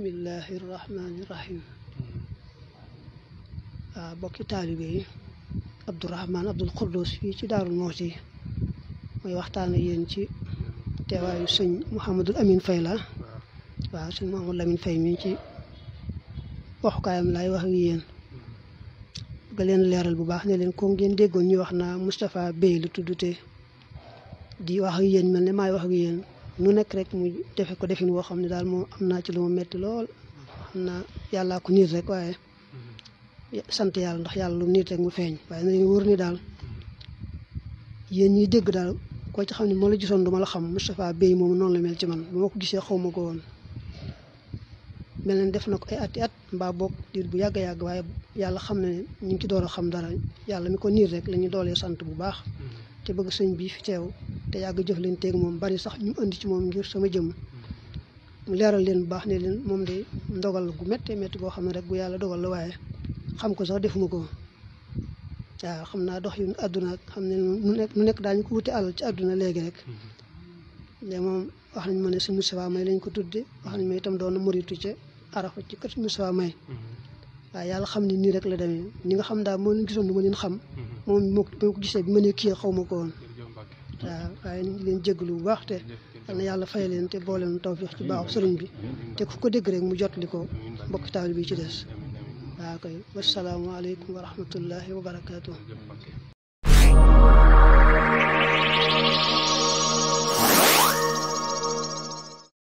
bismillahi rahmaani rahim waaw ah, bokki taalibe yi abdul xudduus fii ci daarul mooti mooy waxtaan yéen ci teewaayu sëñ mouhamadul amin fay la waaw sëñ mouhamadul amin fay mi ci waxukaayam laay wax ak yéen leen leeral bu baax ne leen ko ngeen déggoon ñu wax naa Moustapha Bey la tuddute di wax ak yéen mel ne maay wax ak nu nekk rek mu defe ko defin woo xam ne daal moom am naa ci lu ma metti lool xam naa yàllaa ko niit rek waaye mhm. sant yàlla ndox yàlla lu niit rek mu feeñ waaye nañu wóor nii daal yéen ñuy dégg daal koo ci xam ne moo la gisoon duma la xam Moustapha Bey moom noonu la mel ci man bu ma ko gisee xaw ma ko woon mel na def na ko ay at i at mbaa boog diir bu yàgg yàgg waaye yàlla xam na ne ñu ngi ci door a xam dara yàlla mi ko niir rek la doolee sant bu baax mhm. te bëgg sëñ bi fi teew te yàgg jëf jëflanteeg moom bari sax ñu indi ci moom ngir sama jëm mu leeral leen bu baax ne leen moom de ndogal gu mettee métti goo xam ne rek gu yàlla dogal la waaye xam ko sax defuma ko waaw xam naa dox yu àdduna xam ne nu nekk nu nekk daañu ko wuti àll ci àdduna léegi rek de moom wax nañ ma ne suñu Moustapha May lañ ko tudde wax nañ ma itam doon muritu ca arafa ci kër suñu Moustapha May waaw yàlla xam ne nii rek la demee ñi nga xam daal moo leen gisoon lu xam mm-hmm. moom moo ko gisee ma ne kii xaw ma ko waaw waaye ñu ngi leen jégalu bu baax te am na yàlla fay leen te boole leen tawfiix ci baaxu sëriñ bi te ku ko dégg mu jot li ko mbokk taal bi ci des waaw kay wasalaamualeykum wa rahmatullahi wa barakaatu.